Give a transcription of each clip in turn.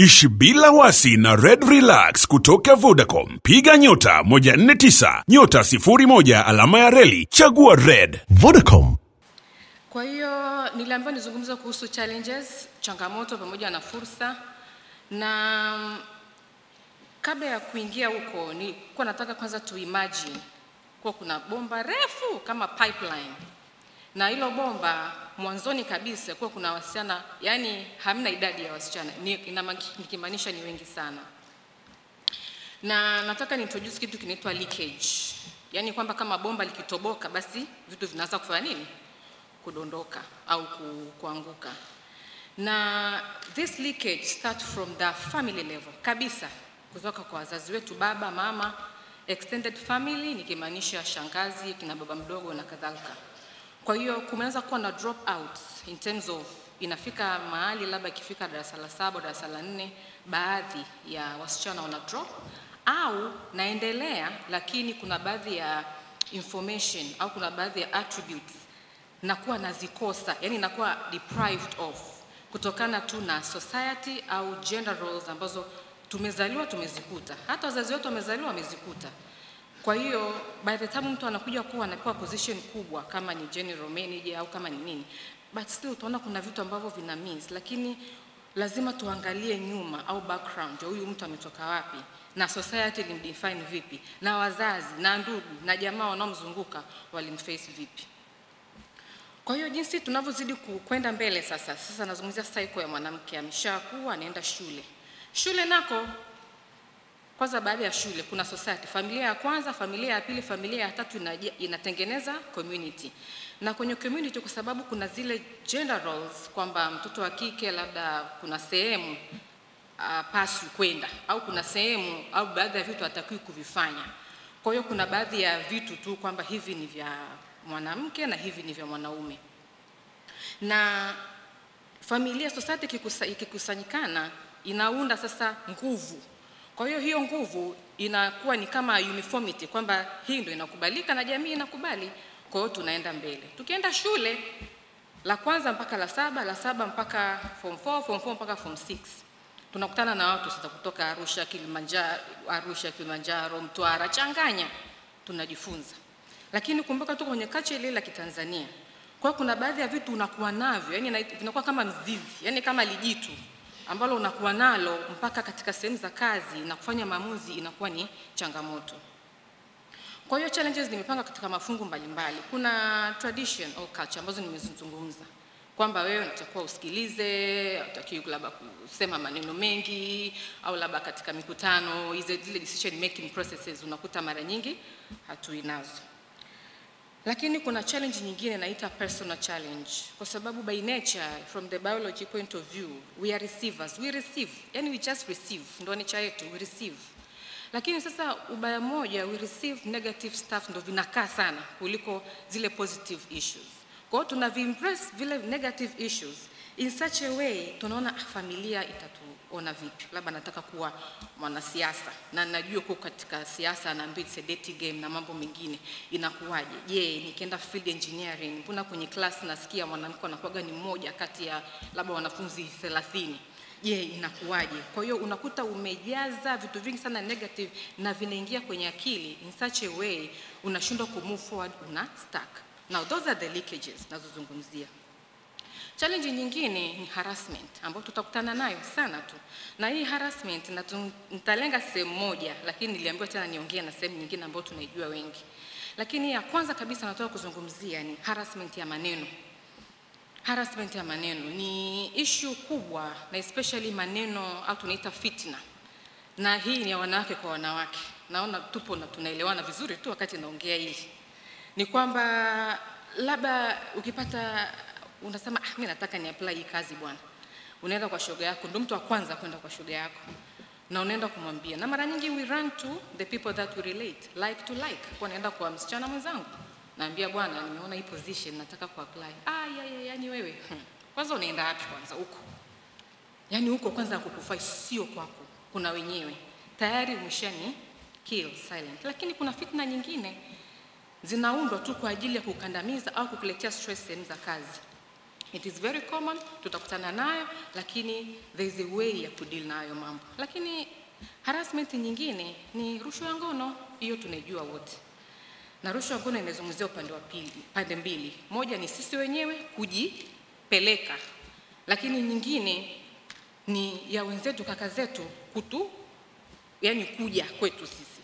Ishi bila wasi na Red Relax kutoka Vodacom. Piga nyota 149 nyota 01 alama ya reli chagua Red. Vodacom. Kwa hiyo niliambiwa nizungumze kuhusu challenges, changamoto pamoja na fursa, na kabla ya kuingia huko nilikuwa nataka kwanza tu imagine kuwa kuna bomba refu kama pipeline na hilo bomba mwanzoni kabisa kuwa kuna wasichana, yani hamna idadi ya wasichana, nikimaanisha ni wengi sana. Na nataka niintroduce kitu kinaitwa leakage, yani kwamba kama bomba likitoboka, basi vitu vinaanza kufanya nini, kudondoka au ku, kuanguka. Na this leakage start from the family level kabisa, kutoka kwa wazazi wetu, baba, mama, extended family, nikimaanisha shangazi, kina baba mdogo na kadhalika kwa hiyo kumeanza kuwa na drop out in terms of inafika mahali labda ikifika darasa la saba darasa la nne baadhi ya wasichana wana drop au naendelea, lakini kuna baadhi ya information au kuna baadhi ya attributes nakuwa nazikosa, yani nakuwa deprived of kutokana tu na society au gender roles ambazo tumezaliwa tumezikuta, hata wazazi wetu wamezaliwa wamezikuta. Kwa hiyo by the time mtu anakuja kuwa anapewa position kubwa kama ni general manager au kama ni nini, but still utaona kuna vitu ambavyo vina means, lakini lazima tuangalie nyuma au background ya huyu mtu ametoka wapi na society ilimdefine vipi na wazazi na ndugu na jamaa wanaomzunguka walimface vipi. Kwa hiyo jinsi tunavyozidi kwenda mbele sasa, sasa nazungumzia cycle ya mwanamke, ameshakuwa anaenda shule, shule nako kwanza baada ya shule kuna society, familia ya kwanza, familia ya pili, familia ya tatu inatengeneza community. Na kwenye community, kwa sababu kuna zile gender roles kwamba mtoto wa kike labda kuna sehemu uh, uh, kwenda au kuna sehemu au baadhi ya vitu hatakiwi kuvifanya. Kwa hiyo kuna baadhi ya vitu tu kwamba hivi ni vya mwanamke na hivi ni vya mwanaume, na familia society ikikusanyikana inaunda sasa nguvu kwa hiyo hiyo nguvu inakuwa ni kama uniformity kwamba hii ndio inakubalika na jamii inakubali, kwa hiyo tunaenda mbele. Tukienda shule la kwanza mpaka la saba, la saba mpaka form 4, form 4 mpaka form 6 tunakutana na watu sasa kutoka Arusha, Kilimanjaro, Arusha, Kilimanjaro, Mtwara, changanya, tunajifunza. Lakini kumbuka tuko kwenye kacha ile la Kitanzania. Kwa kuna baadhi ya vitu unakuwa navyo, yani vinakuwa kama mzizi, yani kama lijitu ambalo unakuwa nalo mpaka katika sehemu za kazi na kufanya maamuzi inakuwa ni changamoto. Kwa hiyo challenges nimepanga katika mafungu mbalimbali Kuna tradition au culture ambazo nimezungumza kwamba wewe unatakiwa usikilize, unatakiwa labda kusema maneno mengi, au labda katika mikutano hizo zile decision making processes unakuta mara nyingi hatuinazo nazo. Lakini kuna challenge nyingine naita personal challenge, kwa sababu by nature from the biology point of view we are receivers, we receive, yani we just receive, ndo nature yetu, we receive. Lakini sasa ubaya moja, we receive negative stuff ndo vinakaa sana kuliko zile positive issues. Kwa hiyo tunaviimpress vile negative issues in such a way tunaona ah, familia itatuona vipi, labda nataka kuwa mwanasiasa na najua kwa katika siasa naambiwa it's a dirty game na mambo mengine, inakuwaje? Je, nikienda field engineering, mbona kwenye class nasikia mwanamke anakuwaga ni mmoja kati ya labda wanafunzi 30 je inakuwaje kwa hiyo unakuta umejaza vitu vingi sana negative na vinaingia kwenye akili in such a way unashindwa kumove forward una stuck now those are the leakages nazozungumzia Challenge nyingine ni harassment ambayo tutakutana nayo sana tu, na hii harassment na nitalenga sehemu moja, lakini niliambiwa tena niongee na sehemu nyingine ambayo tunaijua wengi. Lakini ya kwanza kabisa nataka kuzungumzia ni harassment ya maneno. Harassment ya maneno ni ishu kubwa, na especially maneno au tunaita fitna, na hii ni ya wanawake kwa wanawake. Naona tupo na tunaelewana vizuri tu wakati naongea hili, ni kwamba labda ukipata unasema ah, mimi nataka ni apply hii kazi bwana, unaenda kwa shoga yako, ndio mtu wa kwanza kwenda kwa shoga yako na unaenda kumwambia, na mara nyingi we run to the people that we relate like to like, kwa naenda kwa msichana mwenzangu naambia bwana, nimeona hii position nataka ku apply. Ah, ya, ya, yani wewe hmm. Kwanza unaenda wapi kwanza huko? Yani huko kwanza kukufai sio kwako, kuna wenyewe tayari umeshani kill silent. Lakini kuna fitna nyingine zinaundwa tu kwa ajili ya kukandamiza au kukuletea stress sehemu za kazi. It is very common, tutakutana nayo, lakini there is a way ya kudeal nayo mambo. Lakini harassment nyingine ni rushwa ya ngono, hiyo tunaijua wote, na rushwa ya ngono inazungumzia upande wa pili, pande mbili. Moja ni sisi wenyewe kujipeleka, lakini nyingine ni ya wenzetu, kaka zetu kutu, yani kuja kwetu sisi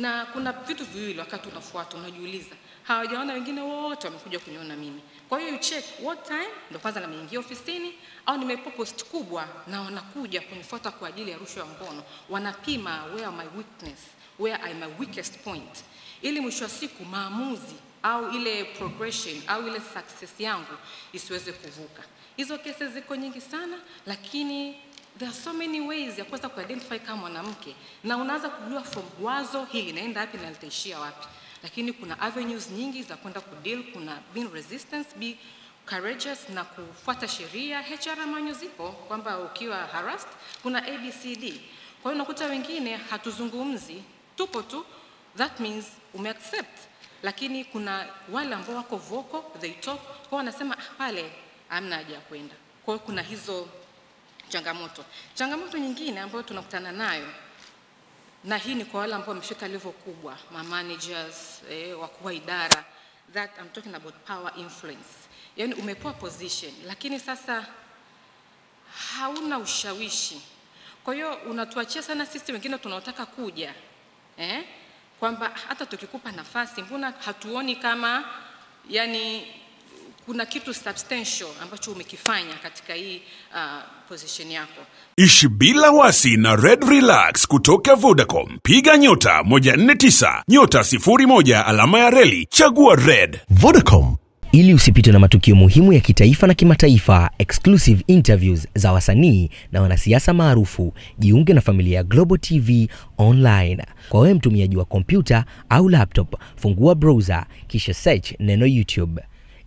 na kuna vitu viwili wakati unafuata unajiuliza, hawajaona wengine wote, wamekuja kuniona mimi. Kwa hiyo you check what time ndo kwanza nimeingia ofisini au nimepo post kubwa na wanakuja kunifuata kwa ajili ya rushwa ya ngono, wanapima where my weakness, where I my weakest point, ili mwisho wa siku maamuzi au ile progression au ile success yangu isiweze kuvuka. Hizo kesi ziko nyingi sana, lakini there are so many ways ya kuweza kuidentify kama mwanamke, na unaanza kujua from wazo hili naenda wapi na litaishia wapi, lakini kuna avenues nyingi za kwenda kudeal. Kuna being resistance, be courageous na kufuata sheria. HR manyo zipo kwamba ukiwa harassed kuna ABCD. Kwa hiyo unakuta wengine hatuzungumzi, tupo tu, that means umeaccept, lakini kuna wale ambao wako vocal, they talk, kwa wanasema ah, pale amna haja ya kwenda. Kwa hiyo kuna hizo changamoto. Changamoto nyingine ambayo tunakutana nayo na hii ni kwa wale ambao wamefika level kubwa, ma managers, eh, wakuu wa idara, that I'm talking about power influence. Yaani umepewa position lakini sasa hauna ushawishi. Kwa hiyo unatuachia sana sisi wengine tunaotaka kuja eh, kwamba hata tukikupa nafasi mbona hatuoni kama yani kuna kitu substantial ambacho umekifanya katika hii uh, position yako. Ishi bila wasi na Red Relax kutoka Vodacom. Piga nyota 149 nyota 01 alama ya reli chagua Red. Vodacom. Ili usipitwe na matukio muhimu ya kitaifa na kimataifa, exclusive interviews za wasanii na wanasiasa maarufu, jiunge na familia ya Global TV Online. Kwa wewe mtumiaji wa kompyuta au laptop, fungua browser kisha search neno YouTube.